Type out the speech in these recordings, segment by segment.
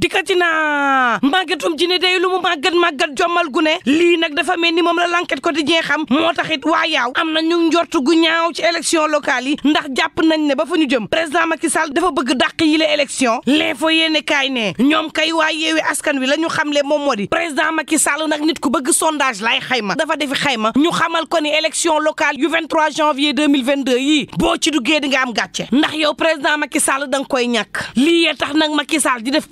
dikkati naa màggatum ci ne day lu mu màggat màggat jommal gu ne lii nag dafa mel ni moom la l'enquête quotidien xam moo taxit waa yaaw am na ñu njort gu ñaaw ci élection locale yi ndax jàpp nañ ne ba fa ñu jëm président Macky Sall dafa bëgg dàq yi la élection l'info yéene kaay ne ñoom kay waa yeewi askan wi la ñu xamle moom moo di président Macky Sall nag nit ku bëgg sondage lay xayma dafa defi xayma ñu xamal ko ni élection locale yu 23 janvier 2022 yii boo ci duggee di nga am gàcce ndax yow président Macky Sall da koy ñàkk lii tax nag Macky Sall di def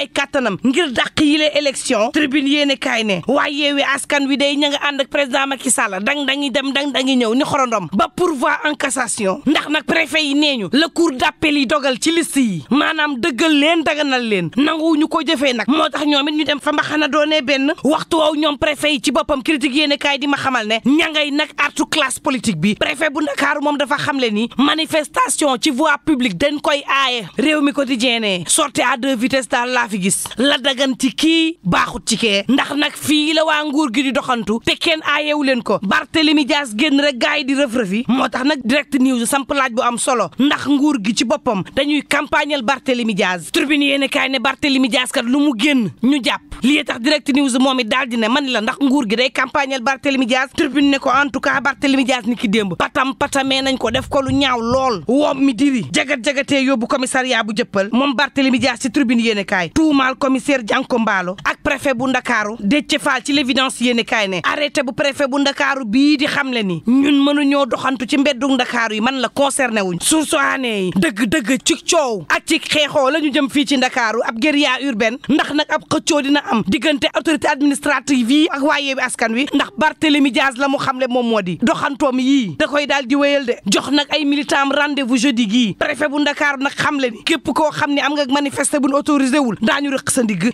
kéemtalaay kàttanam ngir dàq yile élection tribune yéene kaay ne waaye yeewi askan wi day ña nga ànd ak président Macky Sall dang dangi dem dang dangi ñëw ni xorondom ba pourvoi en cassation ndax nag préfet yi nee ñu la cour d'appel yi dogal ci liste yi maanaam dëggal leen daganal leen nanguwuñu ko jëfee nag moo tax ñoom it ñu dem fa ma xana doonee benn waxtu woowu ñoom préfet yi ci boppam critique yéene kaay di ma xamal ne ña ngay nag artu classe politique bi préfet bu moom dafa xamle ni manifestation ci voie publique dañ koy aaye réew mi quotidien ne sortie à deux vitesses laa fi gis la dagan ci kii baaxut ci kee ndax nag fii la waa nguur gi di doxantu te kenn aayewu leen ko Barthélemy Dias génn rek gars yi di rëf moo tax nag direct news samp laaj bu am solo ndax nguur gi ci boppam dañuy campagnal Barthélemy Dias tribune yéene kaay ne Barthélemy Dias kat lu mu génn ñu jàpp lii tax direct news moom it daal di ne man la ndax nguur gi day campagneel Barthélemy Dias tribune ko en tout cas Barthélemy Dias ni ki démb patam patamee nañ ko def ko ñaaw lool woom mi diri jagat jagatee yóbbu commissariat bu jëppal moom Barthélemy Dias ci tribune yéene kaay tuumaal commissaire Janko Mbaalo préfet bu ndakaaru Déthié Fall ci l'évidence yéeni kaay ne arrêté bu préfet bu ndakaaru bii di xamle ni ñun mënuñoo doxantu ci mbeddu ndakaaru yi man la concerné wuñ sursoanee yi dëgg-dëgg ci coow ak ci xeexoo la ñu jëm fii ci ndakaaru ab guérilla urben ndax nag ab xëccoo dina am diggante autorité administrative yi ak waa Yewwi askan wi ndax Barthélémy Dias la mu xamle moom moo di doxantoom yi da koy daal di wéyal de jox nag ay militant rendez-vous jeudi gii préfet bu ndakaaru nag xamle ni képp koo xam ne am nga manifester buñ autorisé wul daañu rëq sa ndigg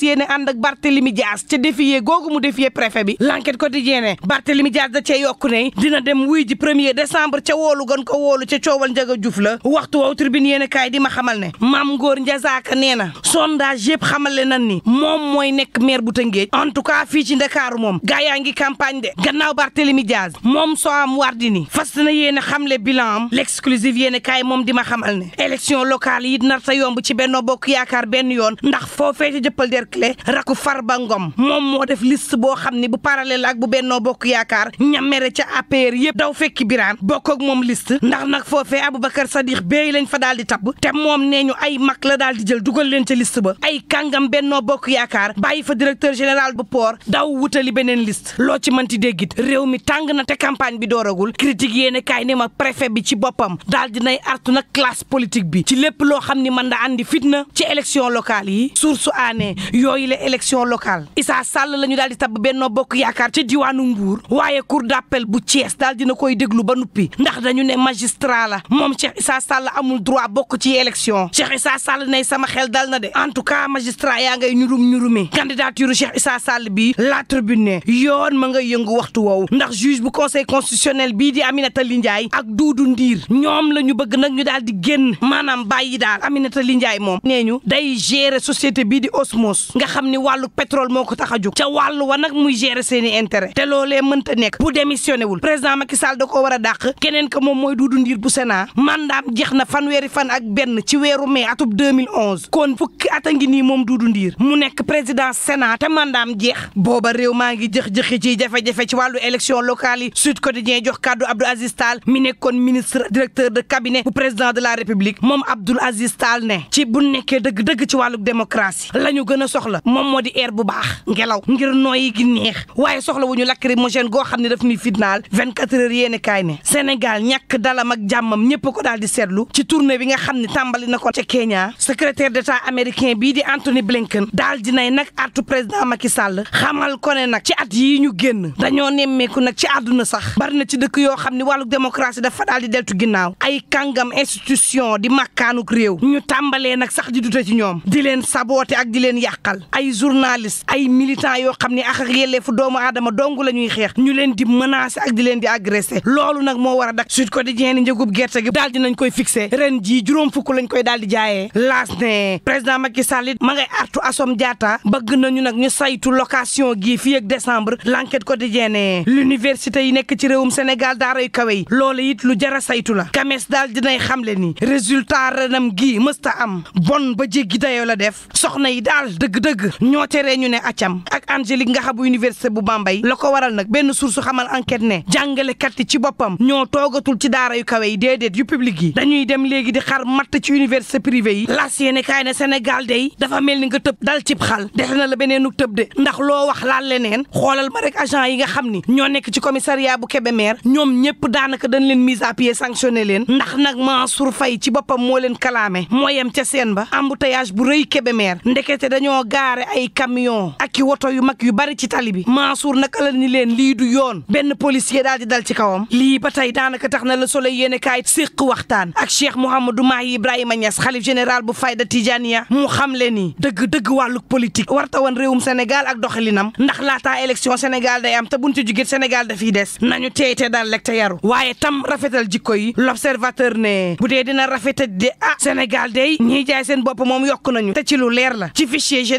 fas yéene ànd ak Barthélemy Dias ca défier googu mu défier préfet bi l'enquête quotidienne Barthélemy Dias da cee yokku dina dem wuy ji premier décembre ca woolu gan ko woolu ca coowal Ndiaga Diouf la waxtu woowu tribune yéen kaay di ma xamal ne maam Ngor Ndiazaka nee na sondage yëpp xamale nan ni moom mooy nekk maire bu Tëngéej en tout cas fii ci Ndakaaru moom gaa yaa ngi campagne de gannaaw Barthélemy Dias moom soo am Wardini fas na yéene xamle bilan am l'exclusive yéen kaay moom di ma xamal ne élection locale yi nar ta yomb ci Benno Bokk Yaakaar benn yoon ndax foo Derklé rakku Farba Ngom moom moo def list boo xam ne bu parallèle ak bu Bennoo Bokk Yaakaar ñamere ca APR yëpp daw fekk biraan bokk ak moom list ndax nag foofee Aboubacar Sadikh Bèye lañ fa daal di tabb te moom nee ñu ay mag la daal di jël dugal leen ca list ba ay kàngam Bennoo Bokk Yaakaar bàyyi fa directeur général bu port daw wutali beneen list loo ci manti déggit réew mi tàng na te campagne bi dooragul critique yéene kaay ne ma préfet bi ci boppam daal dinay artu nag classe politique bi ci lépp loo xam ni mën na andi fitna ci élection locale yi yooyu la élection locale Issa Sall la ñu daal di tabb Benno Bokk Yaakaar ca diwaanu Mbour waaye cour d'appel bu Thiès daal dina koy déglu ba nuppi ndax dañu ne magistrat la moom Cheikh Issa Sall amul droit bokk ci élection Cheikh Issa Sall ne sama xel dal na de en tout cas magistrat yaa ngay ñurum ñurumee candidature Cheikh Issa Sall bi la tribune yoon ma nga yëngu waxtu woowu ndax juge bu conseil constitutionnel bii di Aminata Ly Ndiaye ak Doudou Ndir ñoom la ñu bëgg nag ñu daal di génn maanaam bàyyi daal Aminata Ly Ndiaye moom nee ñu day gérer société bii di Osmos nga xam ni wàllu pétrole moo ko tax a jug ca wàllu wa nag muy gérer seen i te loolee mënta nekk bu démissionné wul président Macky Sall ko war a dàq keneen ka moom mooy Doudou Ndir bu Sénat mandaam jeex na fanweeri fan ak benn ci weeru mai atub 2011 kon fukki at a ngi nii moom du Doudou Ndir mu nekk président Sénat te mandaam jeex booba réew maa ngi jëx-jëxi ci jafe-jafe ci wàllu élection locale yi Sud Quotidien jox kaddu Abdou Aziz Tall mi nekkoon ministre directeur de cabinet président de la République moom Abdou Aziz Tall ne ci bu nekkee dëgg dëgg ci wàllu démocratie lañu soxla moom moo di air bu baax ngelaw ngir nooyi gi neex waaye soxla wu ñu lacrymogène goo xam ne dafa ñuy fitnaal 24 heures yéen kaay ne Sénégal ñàkk dalam ak jàmmam ñëpp ko daal di seetlu ci tournée bi nga xam ne tàmbali na ko ca Kenya secrétaire d'état américain bii di Anthony Blinken daal dinay nag artu président Macky Sall xamal ko ne nag ci at yii ñu génn dañoo nemmeeku nag ci àdduna sax bari na ci dëkk yoo xam ne wàllu démocratie dafa daal di deltu ginnaaw ay kàngam institution di màkkaanuk réew ñu tàmbalee nag sax di dute xeexal ay journaliste ay militants yoo xam ne ak ak yelleefu doomu aadama dong la ñuy xeex ñu leen di menacer ak di leen di agressé loolu nag moo war a dak Sud Quotidien ni njëgub gerte gi daal nañ koy fixé ren jii juróom fukk lañ koy daal di jaayee laas président Macky Sall ma ngay artu Assome Diatta bëgg nañu nag ñu saytu location gi fii ak décembre l'enquête quotidien l'université yi nekk ci réewum Sénégal daaray kawe yi loolu it lu jara saytu la kames daal dinay xamle ni résultat renam gi mësta am bon ba jéggi dayoo la def dëgg ñoo teree ñu ne acam ak Angélique nga xabu université bu Bambey la ko waral nag benn source xamal enquête ne jàngalekat yi ci boppam ñoo toogatul ci daara yu kawe yi déedéet yu public yi dañuy dem léegi di xar matt ci université privé yi las yéene kaay senegal Sénégal day dafa mel ni nga tëb dal cib xal defe na la beneenu tëb de ndax loo wax laal leneen xoolal ma rek agent yi nga xam ni ñoo nekk ci commissariat bu Kébémer ñoom ñëpp daanaka dañ leen mise à pied leen ndax nag Mansour Faye ci boppam moo leen kalaame moo yem ca seen ba embouteillage bu rëy Kébémer gaare ay camion ak i woto yu mag yu bari ci tali bi Mansour nag alal ni leen lii du yoon benn policier daal di dal ci kawam lii ba tey daanaka tax na Le Soleil yéene kaay séq waxtaan ak Cheikh Mouhamadou Mahi Ibrahima Niass xalif général bu Fayda Tijaniya mu xam leen ni dëgg dëgg wàllu politique warta woon réewum senegal ak doxalinam ndax laataa élection Sénégal day am te buntu jugit Sénégal dafiy des nañu teeyte daal lekk te yaru waaye tam rafetal jikko yi l'observateur ne bu dee dina rafetal de ah Sénégal day ñiy seen bopp moom yokk nañu te ci lu leer la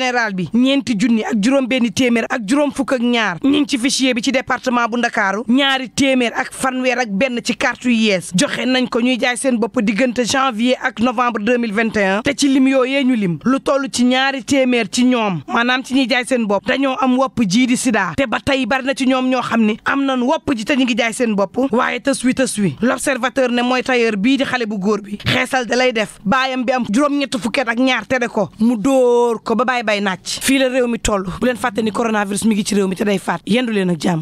général bi ñeenti junni ak juróom benn téeméer ak juróom fukk ak ñaar ñu ngi ci fichier bi ci département bu Ndakaaru ñaari téeméer ak fanweer ak benn ci carte yu yees joxe nañ ko ñuy jaay seen bopp diggante janvier ak novembre 2021 te ci lim yooyee ñu lim lu toll ci ñaari téeméer ci ñoom maanaam ci ñuy jaay seen bopp dañoo am wopp jii di sida te ba tey bari na ci ñoom ñoo xam ne am nañ wopp ji te ñu ngi jaay seen bopp waaye tës wi tës wi l'observateur ne mooy tailleur bii di xale bu góor bi xeesal da lay def baayam bi am juróom-ñett fukket ak ko bay bay naaj fii la réew mi toll bu leen fàtte ni coronavirus mi ngi ci réew mi te day faat yendu leen ak jàmm